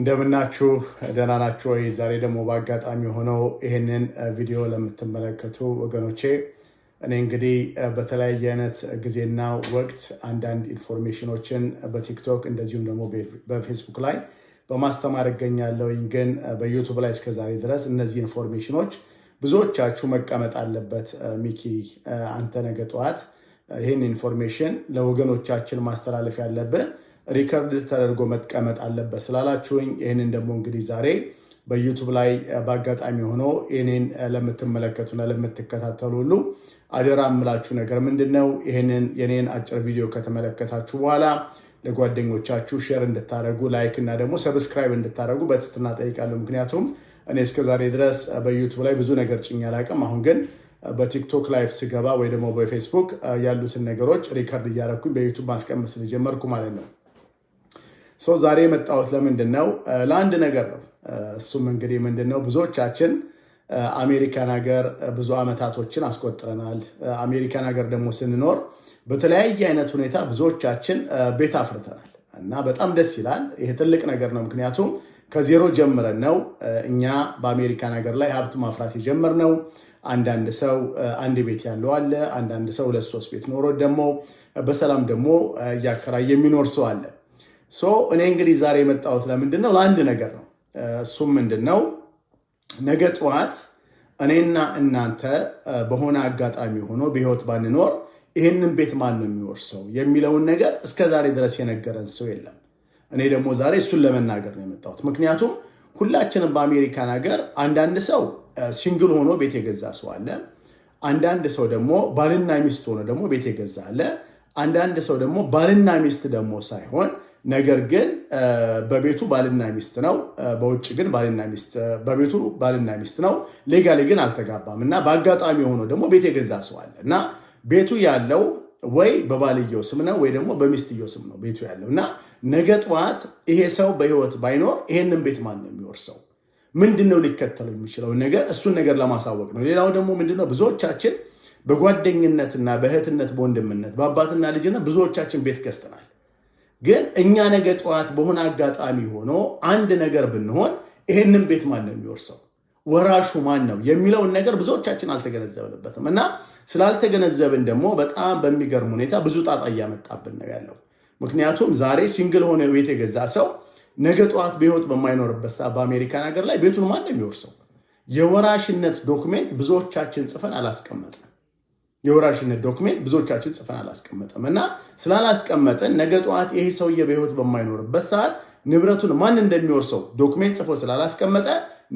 እንደምናችሁ ደህና ናችሁ ወይ? ዛሬ ደግሞ በአጋጣሚ ሆነው ይህንን ቪዲዮ ለምትመለከቱ ወገኖቼ እኔ እንግዲህ በተለያየ አይነት ጊዜና ወቅት አንዳንድ ኢንፎርሜሽኖችን በቲክቶክ እንደዚሁም ደግሞ በፌስቡክ ላይ በማስተማር እገኛለሁኝ። ግን በዩቱብ ላይ እስከዛሬ ድረስ እነዚህ ኢንፎርሜሽኖች ብዙዎቻችሁ መቀመጥ አለበት ሚኪ አንተ ነገ ጠዋት ይህን ኢንፎርሜሽን ለወገኖቻችን ማስተላለፍ ያለብህ ሪከርድ ተደርጎ መቀመጥ አለበት ስላላችሁኝ ይህንን ደግሞ እንግዲህ ዛሬ በዩቱብ ላይ በአጋጣሚ ሆኖ እኔን ለምትመለከቱና ለምትከታተሉ ሁሉ አደራ የምላችሁ ነገር ምንድን ነው? ይህንን የኔን አጭር ቪዲዮ ከተመለከታችሁ በኋላ ለጓደኞቻችሁ ሼር እንድታደረጉ፣ ላይክ እና ደግሞ ሰብስክራይብ እንድታደረጉ በትትና ጠይቃለሁ። ምክንያቱም እኔ እስከዛሬ ድረስ በዩቱብ ላይ ብዙ ነገር ጭኝ አላቅም። አሁን ግን በቲክቶክ ላይፍ ስገባ ወይ ደግሞ በፌስቡክ ያሉትን ነገሮች ሪከርድ እያደረግኩኝ በዩቱብ ማስቀመጥ ስለጀመርኩ ማለት ነው ሰው ዛሬ የመጣሁት ለምንድን ነው? ለአንድ ነገር ነው። እሱም እንግዲህ ምንድን ነው ብዙዎቻችን አሜሪካን ሀገር ብዙ ዓመታቶችን አስቆጥረናል። አሜሪካን ሀገር ደግሞ ስንኖር በተለያየ አይነት ሁኔታ ብዙዎቻችን ቤት አፍርተናል እና በጣም ደስ ይላል። ይሄ ትልቅ ነገር ነው። ምክንያቱም ከዜሮ ጀምረን ነው እኛ በአሜሪካን ሀገር ላይ ሀብት ማፍራት የጀመርነው። አንዳንድ ሰው አንድ ቤት ያለው አለ። አንዳንድ ሰው ሁለት ሶስት ቤት ኖሮ ደግሞ በሰላም ደግሞ እያከራየ የሚኖር ሰው አለ። ሶ እኔ እንግዲህ ዛሬ የመጣሁት ለምንድን ነው? ለአንድ ነገር ነው። እሱም ምንድን ነው? ነገ ጠዋት እኔና እናንተ በሆነ አጋጣሚ ሆኖ በህይወት ባንኖር ይህንን ቤት ማን ነው የሚወርሰው የሚለውን ነገር እስከ ዛሬ ድረስ የነገረን ሰው የለም። እኔ ደግሞ ዛሬ እሱን ለመናገር ነው የመጣሁት። ምክንያቱም ሁላችንም በአሜሪካን ሀገር አንዳንድ ሰው ሲንግል ሆኖ ቤት የገዛ ሰው አለ። አንዳንድ ሰው ደግሞ ባልና ሚስት ሆኖ ደግሞ ቤት የገዛ አለ። አንዳንድ ሰው ደግሞ ባልና ሚስት ደግሞ ሳይሆን ነገር ግን በቤቱ ባልና ሚስት ነው፣ በውጭ ግን ባልና ሚስት በቤቱ ባልና ሚስት ነው፣ ሌጋሊ ግን አልተጋባም እና በአጋጣሚ የሆነው ደግሞ ቤት የገዛ ሰው አለ እና ቤቱ ያለው ወይ በባልየው ስም ነው ወይ ደግሞ በሚስትየው ስም ነው ቤቱ ያለው እና ነገ ጠዋት ይሄ ሰው በህይወት ባይኖር ይሄንን ቤት ማን ነው የሚወርሰው? ምንድን ነው ሊከተለው የሚችለው ነገር? እሱን ነገር ለማሳወቅ ነው። ሌላው ደግሞ ምንድነው ብዙዎቻችን በጓደኝነትና በእህትነት በወንድምነት በአባትና ልጅነት ብዙዎቻችን ቤት ገዝተናል። ግን እኛ ነገ ጠዋት በሆነ አጋጣሚ ሆኖ አንድ ነገር ብንሆን ይህንን ቤት ማን ነው የሚወርሰው? ወራሹ ማን ነው የሚለውን ነገር ብዙዎቻችን አልተገነዘብንበትም እና ስላልተገነዘብን ደግሞ በጣም በሚገርም ሁኔታ ብዙ ጣጣ እያመጣብን ነው ያለው። ምክንያቱም ዛሬ ሲንግል ሆነ ቤት የገዛ ሰው ነገ ጠዋት በህይወት በማይኖርበት ሰዓት በአሜሪካን ሀገር ላይ ቤቱን ማን ነው የሚወርሰው? የወራሽነት ዶክሜንት ብዙዎቻችን ጽፈን አላስቀመጥንም። የወራሽነት ዶክሜንት ብዙዎቻችን ጽፈን አላስቀመጠም እና ስላላስቀመጥን ነገ ጠዋት ይሄ ሰውዬ በሕይወት በማይኖርበት ሰዓት ንብረቱን ማን እንደሚወርሰው ዶክሜንት ጽፎ ስላላስቀመጠ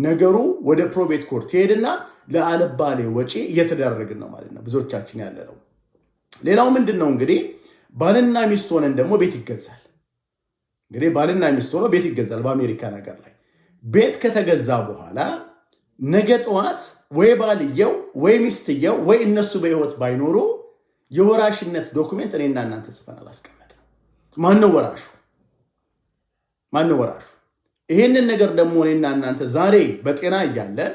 ነገሩ ወደ ፕሮቤት ኮርት ይሄድና ለአልባሌ ወጪ እየተደረግን ነው ማለት ነው ብዙዎቻችን ያለ ነው። ሌላው ምንድን ነው እንግዲህ ባልና ሚስት ሆነን ደግሞ ቤት ይገዛል። እንግዲህ ባልና ሚስት ሆኖ ቤት ይገዛል በአሜሪካ ነገር ላይ ቤት ከተገዛ በኋላ ነገ ጠዋት ወይ ባልየው ወይ ሚስትየው ወይ እነሱ በህይወት ባይኖሩ የወራሽነት ዶክሜንት እኔና እናንተ ጽፈን አላስቀመጥንም። ማነው ወራሹ? ማነው ወራሹ? ይህንን ነገር ደግሞ እኔና እናንተ ዛሬ በጤና እያለን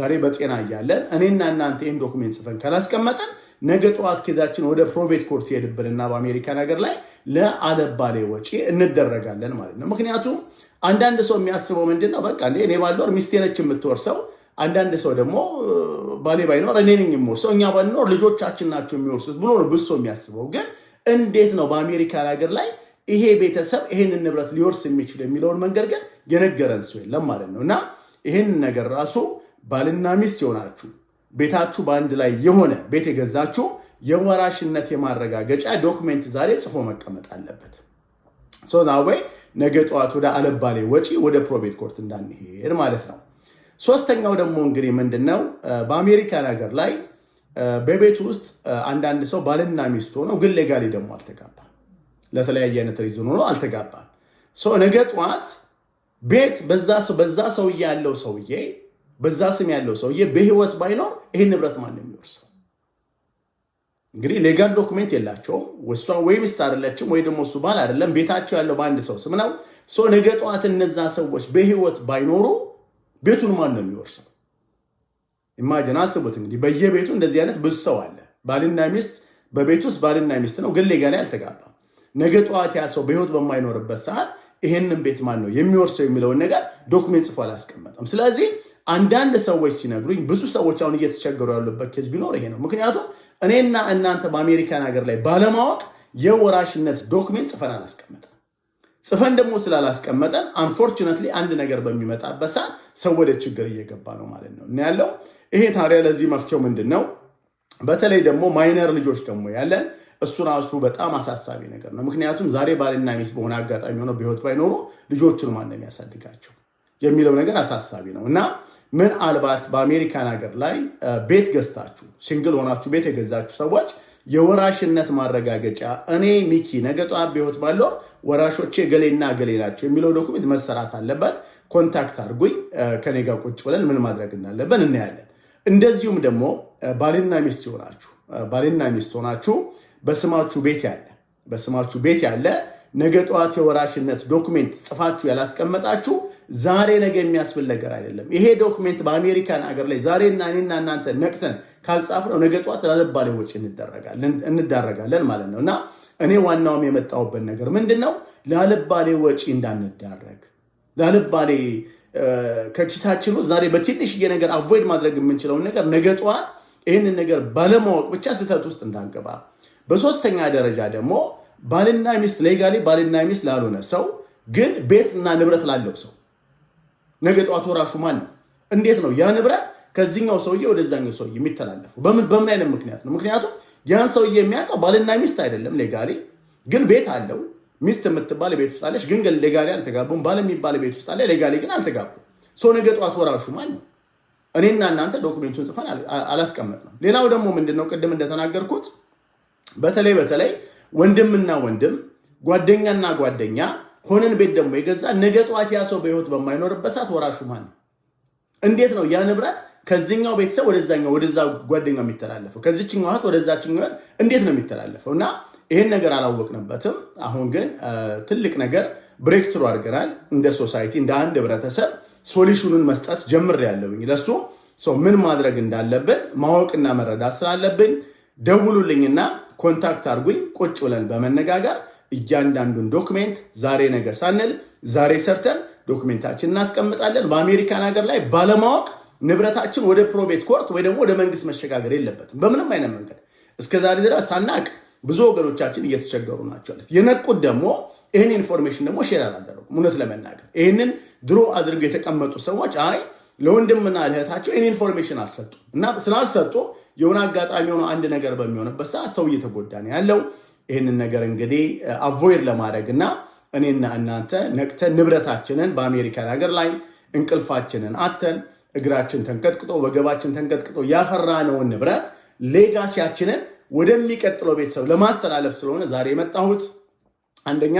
ዛሬ በጤና እያለን እኔና እናንተ ይህን ዶክሜንት ጽፈን ካላስቀመጠን ነገ ጠዋት ኬዛችን ወደ ፕሮቤት ኮርት ይሄድብንና በአሜሪካ ነገር ላይ ለአለባሌ ወጪ እንደረጋለን ማለት ነው። ምክንያቱም አንዳንድ ሰው የሚያስበው ምንድን ነው፣ በቃ እኔ ባልኖር ሚስቴ ነች የምትወርሰው አንዳንድ ሰው ደግሞ ባሌ ባይኖር እኔ ነኝ የምወርሰው እኛ ባንኖር ልጆቻችን ናቸው የሚወርሱት ብሎ ነው ብሶ የሚያስበው። ግን እንዴት ነው በአሜሪካ ሀገር ላይ ይሄ ቤተሰብ ይሄንን ንብረት ሊወርስ የሚችል የሚለውን መንገድ ግን የነገረን ሰው የለም ማለት ነው። እና ይህን ነገር ራሱ ባልና ሚስት የሆናችሁ ቤታችሁ በአንድ ላይ የሆነ ቤት የገዛችሁ የወራሽነት የማረጋገጫ ዶክመንት ዛሬ ጽፎ መቀመጥ አለበት። ሶ ዛዌ ነገ ጠዋት ወደ አለባሌ ወጪ ወደ ፕሮቤት ኮርት እንዳንሄድ ማለት ነው። ሶስተኛው ደግሞ እንግዲህ ምንድን ነው በአሜሪካን ሀገር ላይ በቤት ውስጥ አንዳንድ ሰው ባልና ሚስት ሆነው ግን ሌጋሊ ደግሞ አልተጋባ ለተለያየ አይነት ሪዝን ሆኖ አልተጋባም። ነገ ጠዋት ቤት በዛ ሰውዬ ያለው ሰውዬ በዛ ስም ያለው ሰውዬ በህይወት ባይኖር ይህን ንብረት ማን የሚወርሰው? እንግዲህ ሌጋል ዶክሜንት የላቸውም። እሷ ወይ ሚስት አይደለችም ወይ ደግሞ እሱ ባል አይደለም። ቤታቸው ያለው በአንድ ሰው ስም ነው። ነገ ጠዋት እነዛ ሰዎች በህይወት ባይኖሩ ቤቱን ማን ነው የሚወርሰው? ኢማጅን አስቡት እንግዲህ በየቤቱ እንደዚህ አይነት ብዙ ሰው አለ። ባልና ሚስት በቤት ውስጥ ባልና ሚስት ነው፣ ግን ሌጋሊ አልተጋባም። ነገ ጠዋት ያ ሰው በህይወት በማይኖርበት ሰዓት ይሄንን ቤት ማን ነው የሚወርሰው የሚለውን ነገር ዶክሜንት ጽፎ አላስቀመጠም። ስለዚህ አንዳንድ ሰዎች ሲነግሩኝ ብዙ ሰዎች አሁን እየተቸገሩ ያሉበት ኬዝ ቢኖር ይሄ ነው። ምክንያቱም እኔና እናንተ በአሜሪካን ሀገር ላይ ባለማወቅ የወራሽነት ዶክሜንት ጽፈን አላስቀመጠም። ጽፈን ደግሞ ስላላስቀመጠን አንፎርቹነትሊ አንድ ነገር በሚመጣበት ሰዓት ሰው ወደ ችግር እየገባ ነው ማለት ነው እና ያለው ይሄ ታዲያ ለዚህ መፍትሄው ምንድን ነው? በተለይ ደግሞ ማይነር ልጆች ደግሞ ያለን እሱ ራሱ በጣም አሳሳቢ ነገር ነው። ምክንያቱም ዛሬ ባልና ሚስት በሆነ አጋጣሚ ሆነው በህይወት ባይኖሩ ልጆቹን ማን ነው የሚያሳድጋቸው የሚለው ነገር አሳሳቢ ነው እና ምናልባት በአሜሪካን ሀገር ላይ ቤት ገዝታችሁ ሲንግል ሆናችሁ ቤት የገዛችሁ ሰዎች የወራሽነት ማረጋገጫ እኔ ሚኪ ነገ ጠዋት በሕይወት ባለው ወራሾቼ ገሌና ገሌ ናቸው የሚለው ዶኩሜንት መሰራት አለበት። ኮንታክት አድርጉኝ። ከኔ ጋር ቁጭ ብለን ምን ማድረግ እንዳለብን እናያለን። እንደዚሁም ደግሞ ባልና ሚስት ሆናችሁ ባልና ሚስት ሆናችሁ በስማችሁ ቤት ያለ በስማችሁ ቤት ያለ ነገ ጠዋት የወራሽነት ዶኩሜንት ጽፋችሁ ያላስቀመጣችሁ ዛሬ ነገ የሚያስብል ነገር አይደለም። ይሄ ዶክሜንት በአሜሪካን አገር ላይ ዛሬና እኔና እናንተ ነቅተን ካልጻፍነው ነገ ጠዋት ላለባሌ ወጪ እንዳረጋለን ማለት ነው እና እኔ ዋናውም የመጣሁበት ነገር ምንድን ነው? ላለባሌ ወጪ እንዳንዳረግ፣ ላለባሌ ከኪሳችን ውስጥ ዛሬ በትንሽዬ ነገር አቮይድ ማድረግ የምንችለውን ነገር ነገ ጠዋት ይህንን ነገር ባለማወቅ ብቻ ስህተት ውስጥ እንዳንገባ። በሶስተኛ ደረጃ ደግሞ ባልና ሚስት ሌጋሊ ባልና ሚስት ላልሆነ ሰው ግን ቤትና ንብረት ላለው ሰው ነገ ጠዋት ወራሹ ማን ነው? እንዴት ነው ያ ንብረት ከዚህኛው ሰውዬ ወደዛኛው ሰውዬ የሚተላለፈው? በምን በምን አይነት ምክንያት ነው? ምክንያቱም ያን ሰውዬ የሚያውቀው ባልና ሚስት አይደለም። ሌጋሌ ግን ቤት አለው። ሚስት የምትባል ቤት ውስጥ አለች፣ ግን ሌጋሌ አልተጋቡም። ባል የሚባል ቤት ውስጥ አለ፣ ሌጋሌ ግን አልተጋቡም። ሰው ነገ ጠዋት ወራሹ ማን ነው? እኔና እናንተ ዶክሜንቱን ጽፈን አላስቀመጥንም። ሌላው ደግሞ ምንድነው ቅድም እንደተናገርኩት በተለይ በተለይ ወንድምና ወንድም ጓደኛና ጓደኛ ሆነን ቤት ደግሞ የገዛ ነገ ጠዋት ያ ሰው በህይወት በማይኖርበት ሰዓት ወራሹ ማን ነው? እንዴት ነው ያ ንብረት ከዚኛው ቤተሰብ ወደዛኛው ወደዛ ጓደኛው የሚተላለፈው? ከዚችኛው እህት ወደዛችኛው እህት እንዴት ነው የሚተላለፈው? እና ይህን ነገር አላወቅንበትም። አሁን ግን ትልቅ ነገር ብሬክ ትሩ አድርገናል። እንደ ሶሳይቲ እንደ አንድ ህብረተሰብ ሶሉሽኑን መስጠት ጀምር ጀምሬያለሁኝ። ለሱ ምን ማድረግ እንዳለብን ማወቅና መረዳት ስላለብን ደውሉልኝና ኮንታክት አድርጉኝ። ቁጭ ብለን በመነጋገር እያንዳንዱን ዶክሜንት ዛሬ ነገር ሳንል ዛሬ ሰርተን ዶክሜንታችን እናስቀምጣለን። በአሜሪካን ሀገር ላይ ባለማወቅ ንብረታችን ወደ ፕሮቤት ኮርት ወይ ደግሞ ወደ መንግስት መሸጋገር የለበትም በምንም አይነት መንገድ። ዛሬ ድረስ ሳናቅ ብዙ ወገኖቻችን እየተቸገሩ ናቸው። የነቁት ደግሞ ይህን ኢንፎርሜሽን ደግሞ ሼር አላደረጉም። እውነት ለመናገር ይህንን ድሮ አድርገው የተቀመጡ ሰዎች አይ ለወንድምና ልህታቸው ይህን ኢንፎርሜሽን አልሰጡ እና ስላልሰጡ የሆነ አጋጣሚ የሆነ አንድ ነገር በሚሆንበት ሰዓት ሰው እየተጎዳ ነው ያለው። ይህንን ነገር እንግዲህ አቮይድ uh, ለማድረግ እና እኔና እናንተ ነቅተን ንብረታችንን በአሜሪካን ሀገር ላይ እንቅልፋችንን አተን እግራችን ተንቀጥቅጦ ወገባችን ተንቀጥቅጦ ያፈራነውን ንብረት ሌጋሲያችንን ወደሚቀጥለው ቤተሰብ ለማስተላለፍ ስለሆነ ዛሬ የመጣሁት አንደኛ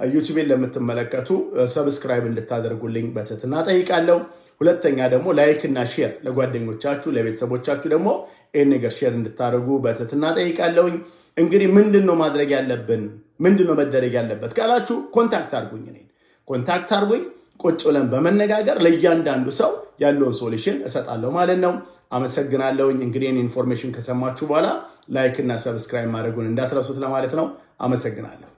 uh, ዩቲቤን ለምትመለከቱ ሰብስክራይብ uh, እንድታደርጉልኝ በትህትና ጠይቃለሁ። ሁለተኛ ደግሞ ላይክ እና ሼር ለጓደኞቻችሁ ለቤተሰቦቻችሁ ደግሞ ይህን ነገር ሼር እንድታደርጉ በትህትና ጠይቃለሁኝ። እንግዲህ ምንድን ነው ማድረግ ያለብን? ምንድን ነው መደረግ ያለበት ካላችሁ ኮንታክት አድርጉኝ፣ እኔን ኮንታክት አድርጉኝ። ቁጭ ብለን በመነጋገር ለእያንዳንዱ ሰው ያለውን ሶሉሽን እሰጣለሁ ማለት ነው። አመሰግናለሁኝ። እንግዲህን ኢንፎርሜሽን ከሰማችሁ በኋላ ላይክ እና ሰብስክራይብ ማድረጉን እንዳትረሱት ለማለት ነው። አመሰግናለሁ።